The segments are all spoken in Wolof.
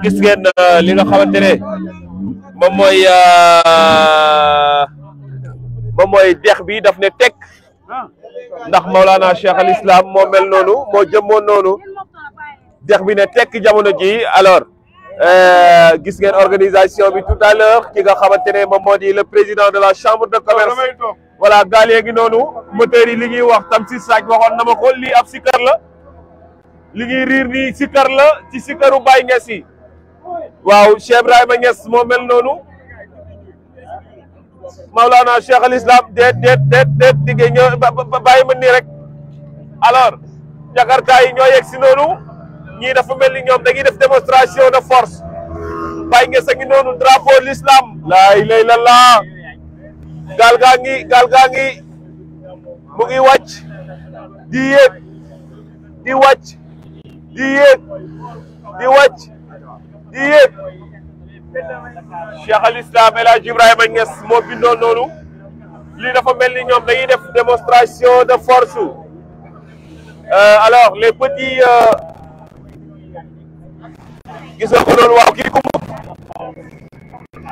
gis ngeen euh, li nga xamante ne moom mooy euh, moom mooy dex bi daf ne tek ndax Maulana Cheikh al Islam moo mel noonu moo jëmoon noonu dex bi ne tekk jamono ji alors euh, gis ngeen organisation bi tout à l'heure ki nga xamante ne moom moo di le président de la chambre de commerce voilà gaa léegi noonu moteur yi li ñuy wax tam si saaj waxoon na ma ko lii ab si kër la li ñuy riir nii sikkar la ci sikkaru Baye Niass yi waaw Cheikh Ibrahima Niass moo mel noonu Maulana Cheikh al Islam déet déet déet déet digge ñëw bàyyi ma nii rek alors jakarta yi ñoo yegg si noonu ñii dafa mel ni ñoom dañuy def démonstration de force Baye Niass a ngi noonu drapeau l'islam laa ilaaha illallaah gaal gaa ngi gaa ngi mu ngi wàcc di yéeg di wàcc di yéeg di wàcc di yéeg Cheikh al Islam El Hadj Ibrahima Niass moo bindoon noonu lii dafa mel ni ñoom dañuy def démonstration de force euh, alors les petits euh, gis nga noonu waaw kii ku moom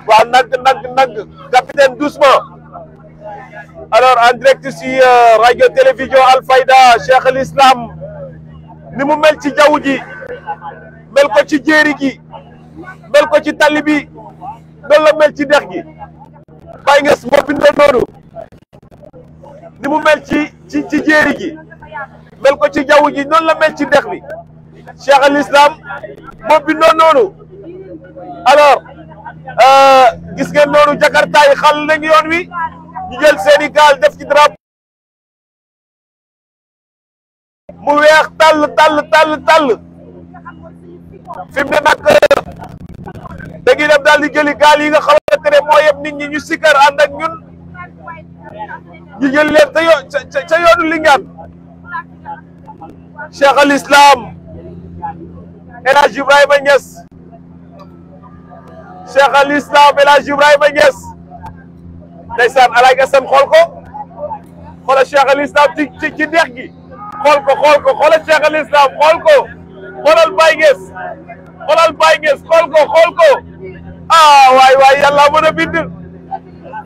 waaw nag nag nag capitaine doucement alors en direct si euh, radio télévision Alfayda Cheikh al Islam ni mu mel ci jaww ji mel ko ci jéeri gi mel ko ci tali bi noonu la mel ci dex gi Baye Niass moo bindoo noonu ni mu mel ci ci ci jéeri gi mel ko ci jaww ji noonu la mel ci dex wi Cheikh al Islam moo bindoo noonu alors euh, gis ngeen noonu Jakarta yi xal nañ yoon wi ñu jël seeni gaal def ci drapeau mu weex tàll tàll tàll tàll fi mu ne nag euh, dañuy dem daal di jëli gaal yi nga xamante ne moo yëpp nit ñu sikkar ànd ak ñun ñu jëli leen ca yoon ca yoonu Linguère al Islam El Hadj Ibrahima Niass Cheikh al Islam El xool ko xoolal Cheikh al Islam ci ci gi. xool ko xool ko xoolal Cheikh al xool ko xoolal Baye Nges xoolal Baye Nges xool ko xool ko ah waay waay yàlla mën a bind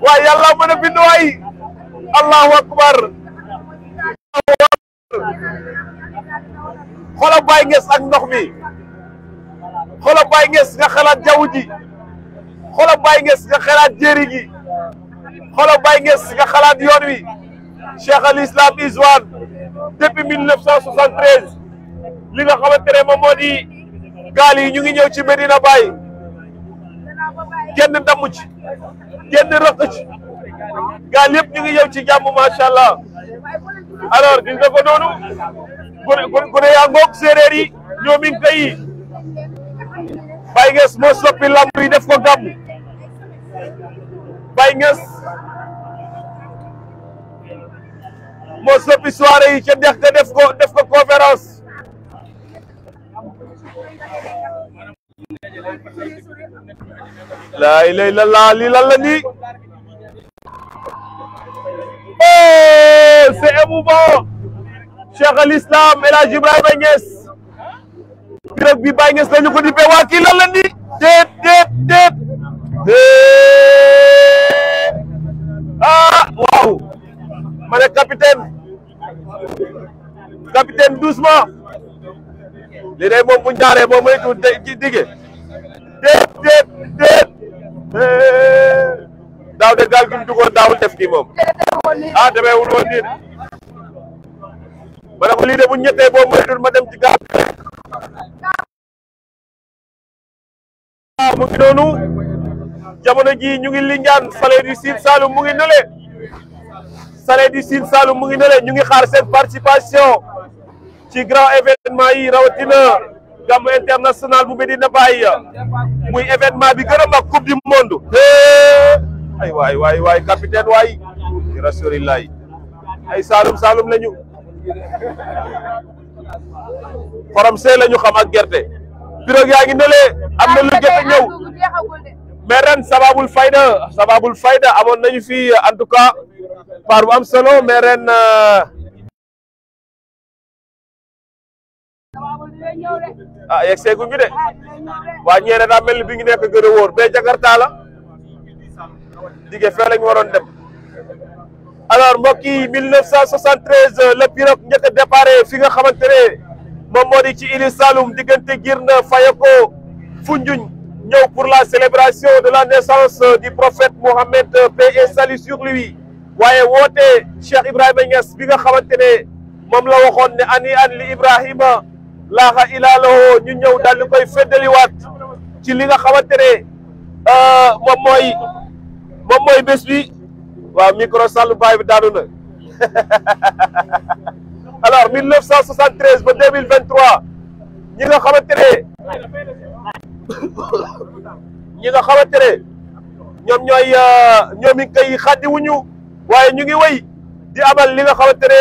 waay yàlla mën a bind waay allahu akbar xoolal Baye Nges ak ndox mi xoolal Baye Nges nga xalaat jaww ji xoolal Baye Nges nga xalaat jéeri gi xoolal Baye Nges nga xalaat yoon wi Cheikh al Islam Izwan depuis mille neuf cent soixante treize li nga xamante ne moom moo di gaal yi ñu ngi ñëw ci Medina Baye kenn damm ci kenn rëq ci gaal yëpp ñu ngi ñëw ci jàmm macha allah alors gis nga ko noonu gone gone yaa ngoog séeréer yi ñoom it kay Baye Nges moo soppi lamb yi def ko gàmm Baye Nges. moo soppi soirée yi ca def ko def ko conférence laa la laa lii lan oh c'est émouvant Cheikh al Islam El Hadj Ibrahima Niass birëb bi Baye Niass la ñu ko dippee waa kii lan la nii déet doucement li day moom bu njaaree moom mooy tuut ci digge déet déet déet eh, daaw de gaal gi daawul def nii moom ah demee wul woon nii ma ne ko lii de bu ñettee boo ma dem ci ah, ji ñu ngi Lindiane Saly du Sine Saloum mu ngi nële Saly du Sine Saloum mu ngi nële ñu ngi xaar seen participation ci grand événement yi rawatina gàmmu international bu Medina Baye muy événement bi gën a mag coupe du monde ay waay waay waay capitaine waay rassulillahi ay saalum saalum lañu xorom see lañu xam ak gerte pirog yaa ngi nelee am na lu jot ñëw mais sababul fayda sababul fayda amoon nañu fi en tout cas par bu am solo mais euh, ah yegg de waa ñeene daa mel ni bi ngi nekk gën a wóor bee Jakarta la dige fee waroon dem alors mbokk yi 1973 la pirogue njëkk a fi nga xamante ne moom moo di ci Ili Saloum diggante Girna Fayako Foundiougne ñëw pour la célébration de la naissance du prophète Mohammed paix et salut sur lui waaye woote Cheikh Ibrahima Niass bi nga xamante ne moom la waxoon ani an li Ibrahima laaxa ilaalawoo ñu ñëw daal di koy feddaliwaat ci li nga xamante ne euh, moom mooy moom mooy bés bi waaw micro sàllu baay bi daanu na ba 2023 ñi nga xamante ne ñi nga xamante ne ñoom ñooy euh, ñoom i koy xàddiwuñu waaye ñu ngi wéy di abal li nga xamante ne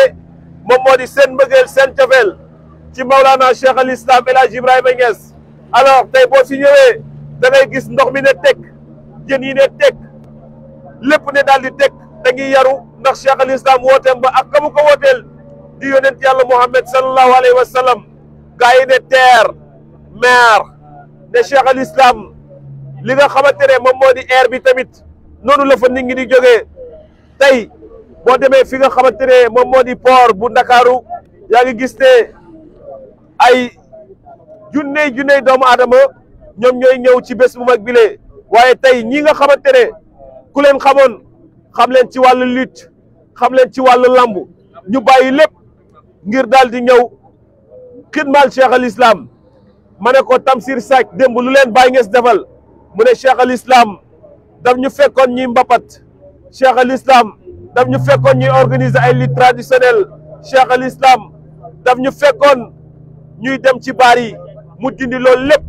moom di seen mbëggeel seen cofeel ci Maulana Cheikh al Islam El Hadj Ibrahima Niass alors tey boo fi ñëwee da gis ndox mi ne teg jën yi ne teg lépp ne daal di teg dañuy yaru ndax Cheikh al Islam wooteem ba ak ka mu ko wooteel di yonent yàlla Mouhamed sallallahu alayhi wa sallam ne terre mer ne Cheikh al Islam li nga xamante ne moom moo di air bi tamit noonu la fa nit di jógee tey boo demee fi nga xamante ne moom moo di port bu Ndakaaru yaa ngi gis ne. ay junney junney doomu aadama ñoom ñoy ñëw ci bés bu mag bilee waaye tey ñii nga xamante ne ku leen xamoon xam leen ci wàllu lutte xam leen ci wàllu lamb ñu bàyyi lépp ngir daal di ñëw xidmaal cheikh al islam ma ne ko Tamsir Sack démb lu leen bàyyi ngees defal mu ne cheikh al islam daf ñu fekkoon ñuy mbapat cheikh al islam daf ñu fekkoon ñuy organiser ay lutte traditionnelle cheikh al islam daf ñu fekkoon ñuy dem ci baar yi mu dindi loolu lépp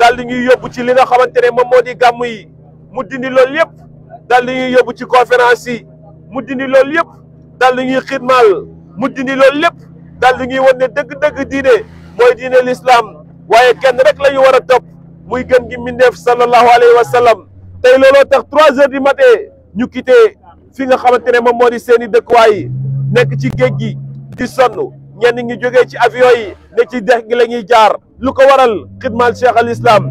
daal di ñuy yóbbu ci li nga xamante ne moom moo di gàmm yi mu dindi loolu yëpp daal di ñuy yóbbu ci conférence yi mu dindi loolu yëpp daal di ñuy xidmaal mu dindi lépp daal di ñuy wan ne dëgg-dëgg diine mooy diine l'islam waaye kenn rek la ñu war a topp muy gën gi mbindeef sallallahu alayhi wa sallam tey looloo tax trois heures du matin ñu quitté fi nga xamante ne moom moo di seen i dëkkuwaay nekk ci géej gi di sonn ñenn ngi jóge ci avion yi ne ci dex gi la ñuy jaar lu ko waral xidmaal cheikh al islam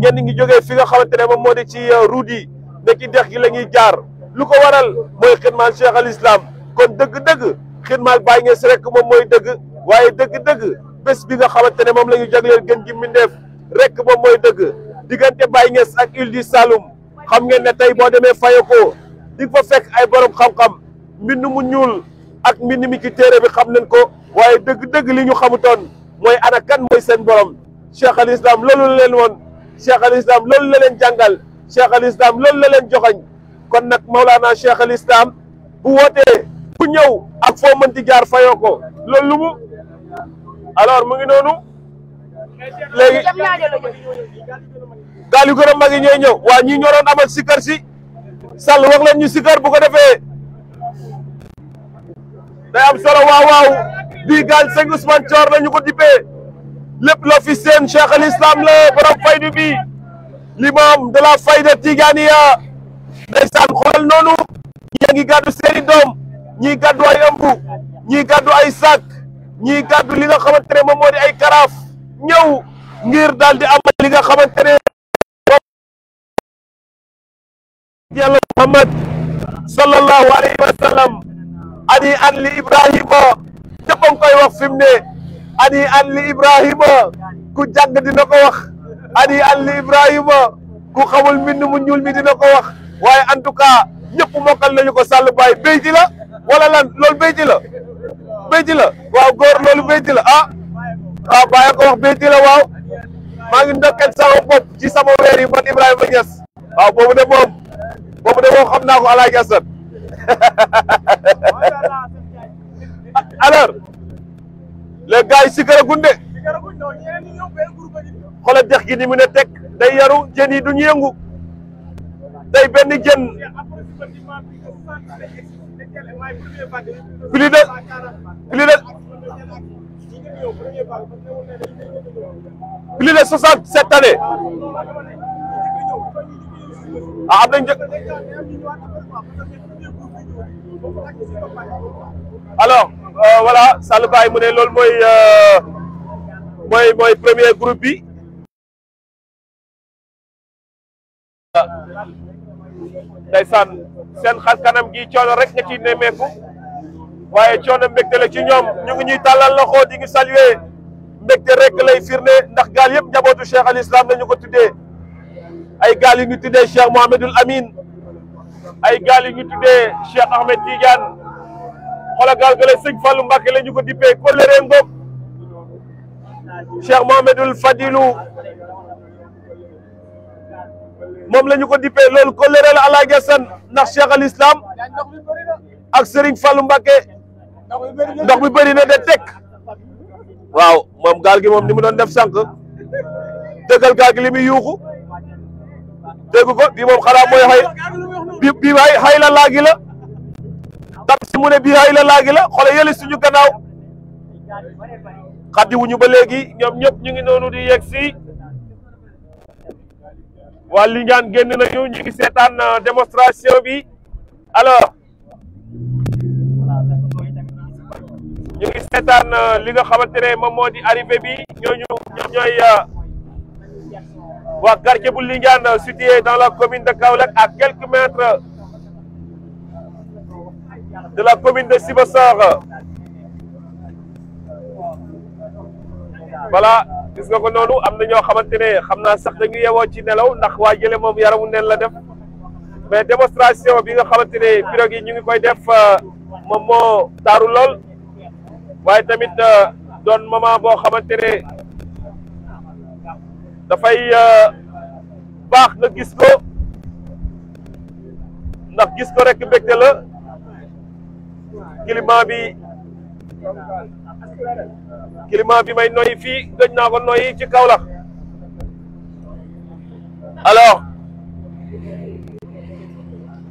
ñenn ngi jógee fi nga xamante ne moom moo di ci euh, route yi ne ci dex gi la ñuy jaar lu ko waral mooy xidmaal cheikh al islam kon dëgg-dëgg xidmaal bàyyi ngees rekk moom mooy dëgg waaye dëgg-dëgg bés bi nga xamante ne moom la ñu jagleel gën gi mbindeef rek moom mooy dëgg diggante bàyyi ngees ak île du xam ngeen ne tey boo demee fayokoo di nga fa fekk ay borom xam-xam mbind mu ñuul ak mbind mi ci téere bi xam nañ ko waaye dëgg-dëgg li ñu xamutoon mooy ana kan mooy seen borom cheikh al islam loolu la leen woon cheikh al islam loolu la leen jàngal cheikh al islam la leen joxañ kon nag Maulana cheikh al islam bu wootee bu ñëw ak foo mënti jaar fayoo ko loolu mu alors mu ngi noonu léegi gaal yu gën a mag yi ñooy ñëw waa ñi ñoroon amal sikar si sal wax leen ñu sikar bu ko defee day am solo waaw waaw bii gaañ sëñ Ousmane Thior la ñu ko dippee lépp la fi seen Cheikh al Islam la borom faydu bi l'imam de la fayda Tijaaniya ndeysaan xoolal noonu ñi ngi gàddu seeni doom ñii ay ëmb ñii gàddu ay sàkk ñii gàddu li nga xamante ne moom ay karaaf ñëw ngir daal di amal li nga xamante ne yàlla Muhammad sallallahu alayhi wa ani an li Ibrahima ñëpp wax fi mu ne ani an li Ibrahima ku jàng dina ko wax ani an li Ibrahima ku xamul mbind mu ñuul mi dina ko wax waaye en tout ka ñëpp mokkal ko Sall Baye béyti la wala lan lool béyti la béyti la waaw góor loolu béyti la ah waaw Baye ko wax béyti la waaw maa ngi ndokkeel sama bopp ci sama weer man Ibrahima Niass waaw boobu de moom boobu de moom xam naa ko Alaaji Asan alors les gars yi sikaraguñ de dex gi ni mu ne teg day yaru jën yi duñu yëngu day benn jën plus de plus de plus de soixante sept années ah am nañ alo euh, voilà Sall Baye mu ne lool mooy euh, mooy mooy premier groupe bi. ndeysaan seen xar kanam gi coono rek nga ciy nemmeeku waaye coono mbégte la ci ñoom ñu ngi ñuy tàllal loxo di ngi saluer mbégte rek lay firnde ndax gaal yëpp njabootu Cheikh al Islam la ñu ko tuddee ay gaal yu ngi tuddee Cheikh Mouhamadul Amin. ay gaal yu ñu tuddee Cheikh Ahmed Tidiane xoolal gaal gale sëñ Fallou Mbacke la ñu ko dippee kolere ngoog Cheikh Mohamedul Fadilu moom la ñu ko dippee loolu kolere la El Hadj Assane ndax ak Serigne Fallou Mbacke mi bëri na de tek waaw moom gaal gi moom ni mu doon def sànq dëggal gaal gi li yuuxu. dégg ko bii moom xanaa mooy xay bi bii xay xay la laagi la dam si mu ne bii xay la laagi la xoole yële suñu gannaaw xaddi wuñu ba léegi ñoom ñëpp ñu ngi noonu di yegg si waa Lindiane génn nañu ñu ngi seetaan euh, démonstration bi alors ñu ngi seetaan euh, li nga xamante ne moom moo di arrivé bi ñooñu ñooy euh, waa quartier bu Lindiane situé dans la commune de Kaolack à quelques mètres de la commune de Sibassor voilà gis nga ko noonu am na ñoo xamante ne xam naa sax dañu yewoo ci nelaw ndax waa jële moom yaramu neen la def mais démonstration bi nga xamante ne pirogue yi ñu ngi koy def euh, moom moo taaru lool waaye tamit euh, doon moment boo xamante ne dafay euh, baax nga gis ko ndax gis ko rek mbégte la climat bi climat bi may noyyi fii gëj naa ko noyyi ci Kaolack alors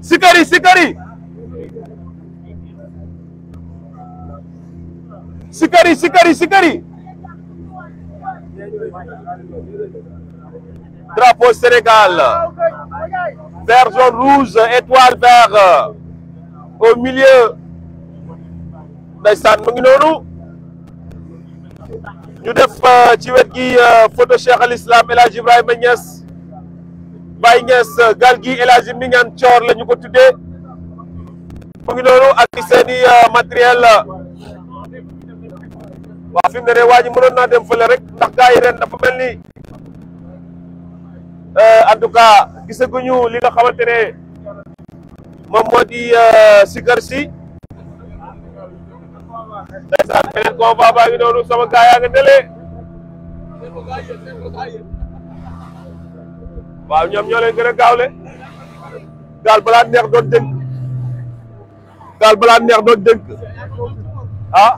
sikari sikari sikari sikari sikari drapeau Sénégal vert jaune étoile vert au milieu ndeysaan mu ngi noonu def euh, ci wet gi euh, photo Cheikh Al Islam El Hadj Ibrahima Niass Baye Niass gal gi El Hadj la ñu ko tuddee mu ak seeni euh, matériel waaw fi mu ne de waa ji mënoon naa dem fële rek ndax gars yi ren dafa mel ni euh, en tout cas gisaguñu li nga xamante ne moom moo di euh, sikar si ndeysaan beneen combat baa ngi noonu sama gars nga dele waaw ñoom ñoo leen gën a gaal balaa neex doon dënk gaal balaa neex doon dënk ah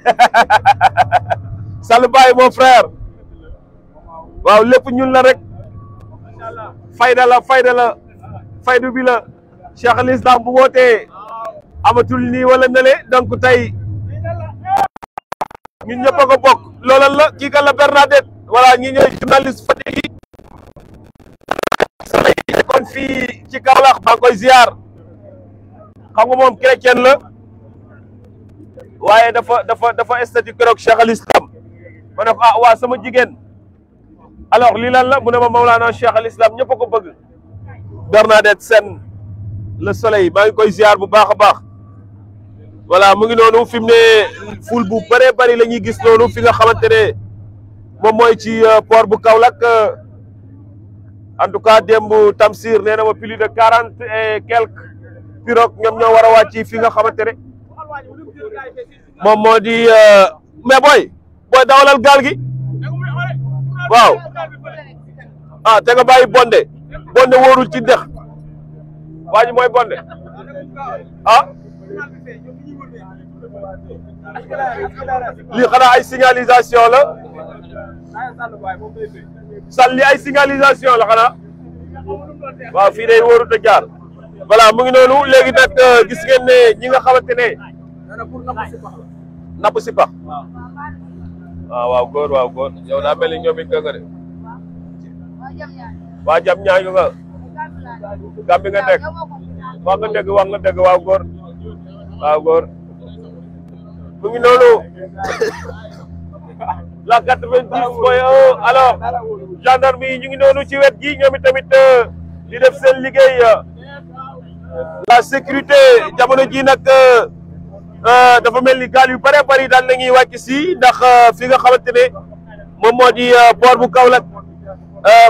Sall Baye mon frère waaw lépp ñun la rek fayda la fayda la faydu bi la Cheikh al Islam bu wootee amatul nii wala nële donc tey ñun ñëpp a ko bokk loolal la kii kan la Bernadette voilà ñi ñooy journaliste Fatick yi kon fii ci Kaolack maa ngi koy ziar xam nga moom chrétien la waaye dafa dafa dafa statut keroog Cheikh al Islam ah, waa sama jigéen alors lii lan la mu ne ma Mawlaana Cheikh al Islam ñëpp a ko bëgg Bernadette sen la soleil maa ngi koy ziar bu baax a baax voilà mu ngi noonu fi mu ne ful bu bëree bëri la ñuy gis noonu fi nga xamante ne moom mooy ci euh, port bu Kaolack euh. en tout cas démb Tamsir nee na ma plus de quarante et quelques pirogues ñoom ñoo war a ci fi nga xamante ne moom di euh, mais booy booy dawalal gaal gi waaw ah te nga bàyyi bonde bonde wóorul ci dex waa ji mooy bonde ah lii xanaa ay signalisation la sal ay signalisation la xanaa waaw fii day wóorut a jaar mu ngi noonu léegi nag euh, gis ngeen ne ñi nga xamante ne napp si pax waaw ah, waaw góor waaw góor yow daa mel ni ñoom it nga ko de waa jam ñaay nga gàmbi nga nekk wax nga dëgg wax góor waaw góor mu ngi noonu la quatre-vingt-dix point un ñu ngi noonu ci wet gi ñoom tamit euh, di def seen liggéey la sécurité jamono ji nag euh, Euh, dafa mel ni gaal yu bëree bëri daan nañuy wàcc si ndax euh, fi nga xamante ne moom moo di euh, port bu Kaolack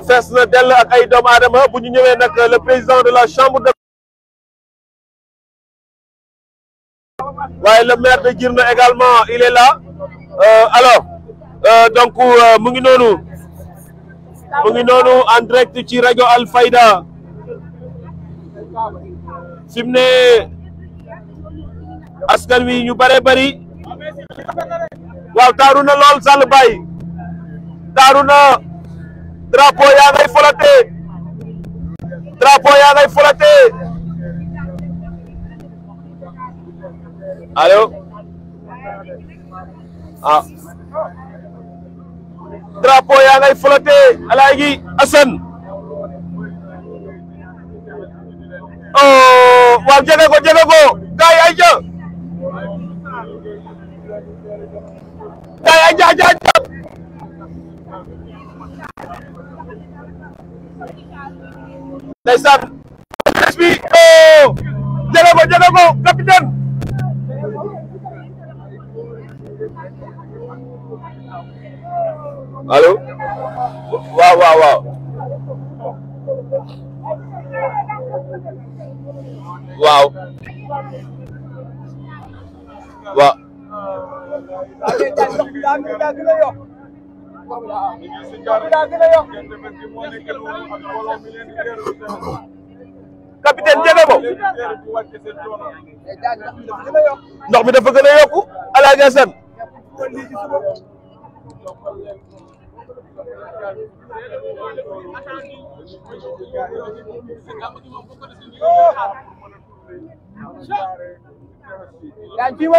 fees na dell ak ay doomu aadama bu ñu ñëwee nag le président de la chambre de le maire de Djirna donc mu ngi noonu rajo Alfayda askan wi ñu bëree bëri waaw taaru na lool Sall taaru na drapeau ngay folate drapeau ngay folate allo ah drapeau ngay folate alaagi Assane oh waaw jege ko jege ko ay jë ja ja ja ndeysaan presse bi oh jële ko jële ko capitaine allo waaw waaw waaw waaw waaw daa gën a yokk daa gën a yokk ndox mi dafa gën a yokku Alaaji Asan daañu fi may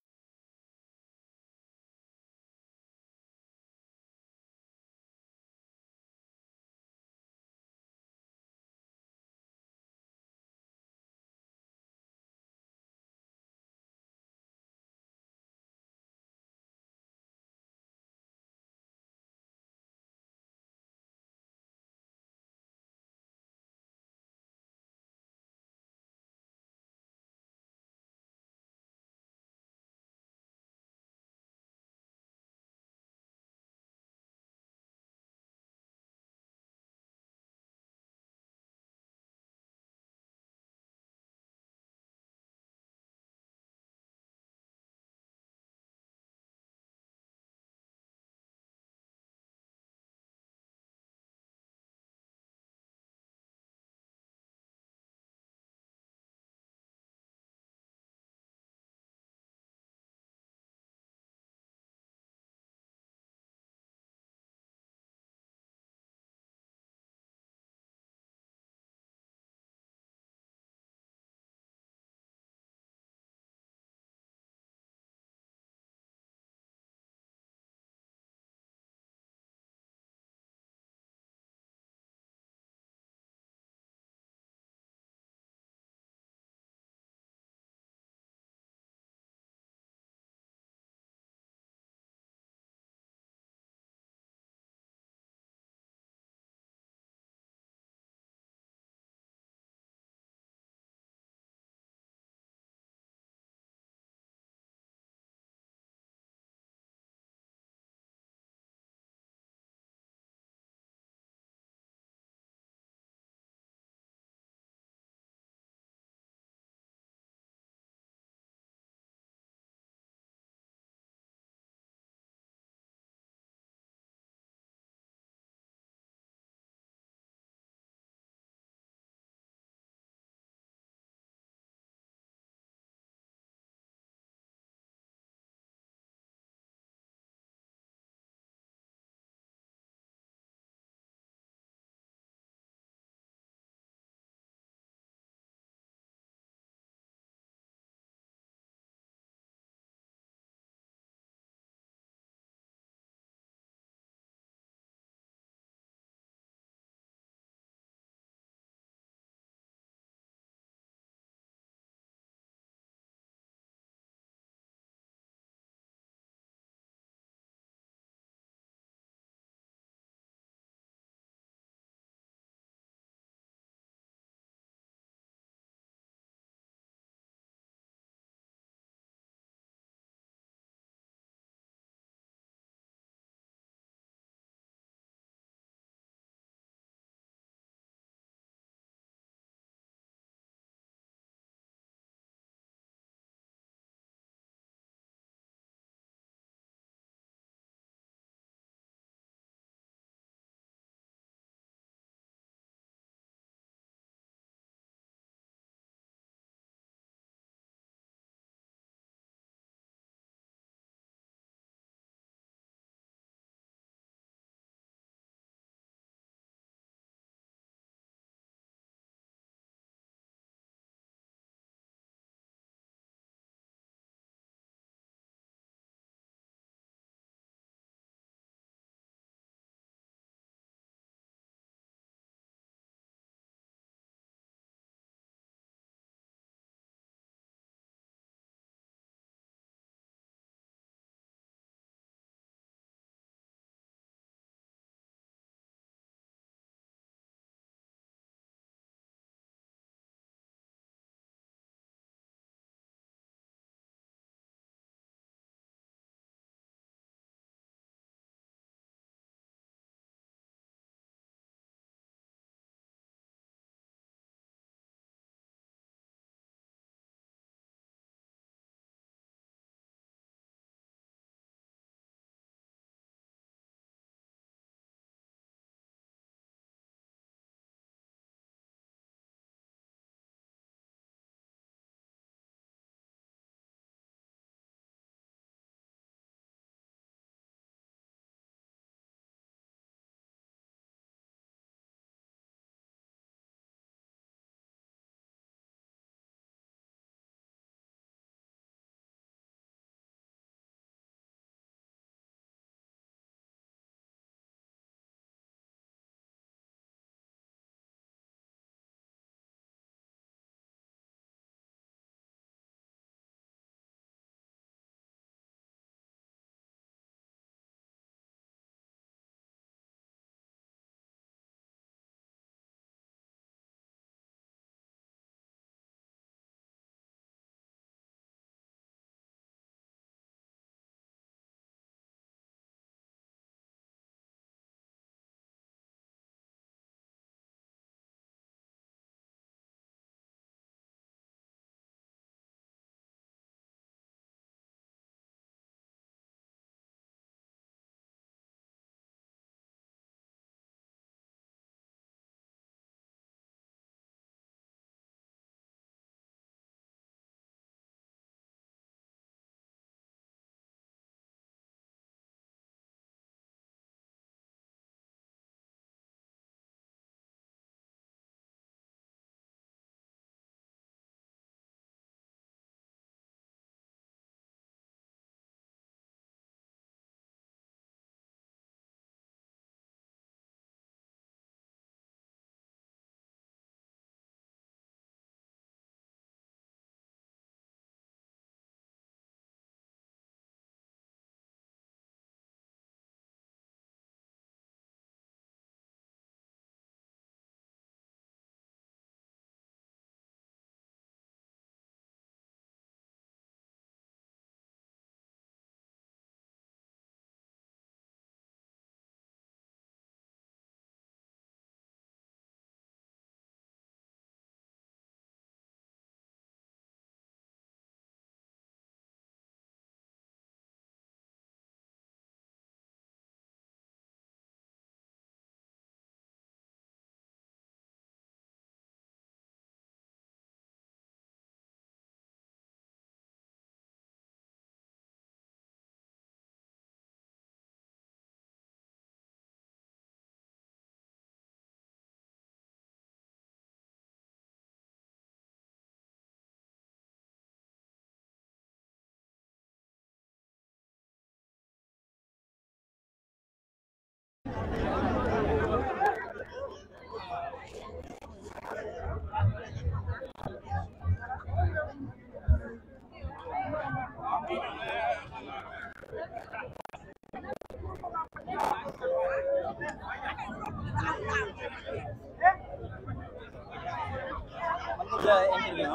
interview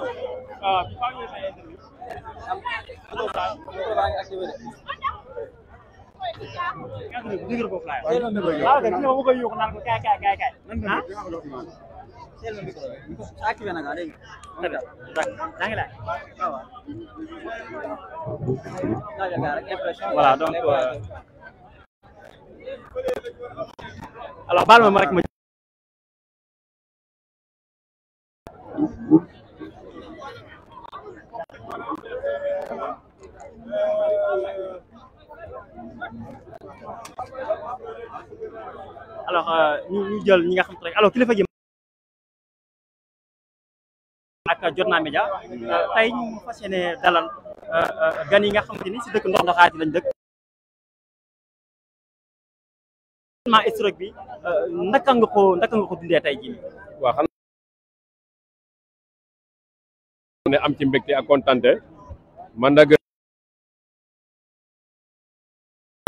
ah before you say interview am photo ba photo ba ngi activé voilà donc euh, alors baal ma ma rek ma alors euh, ñu ñu jël ñi nga xam rek alors kilifa ji ak Jotna Média euh, tey ñu fas yéene dalal euh, gan yi nga xamante ni si dëkk ndox ndoxaati lañ dëkk ma historique bi naka nga ko naka nga ko dundee tey jii nii waaw am ci mbégte ak kontante man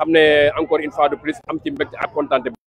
xam ne encore une fois de plus am ci a ak kontaan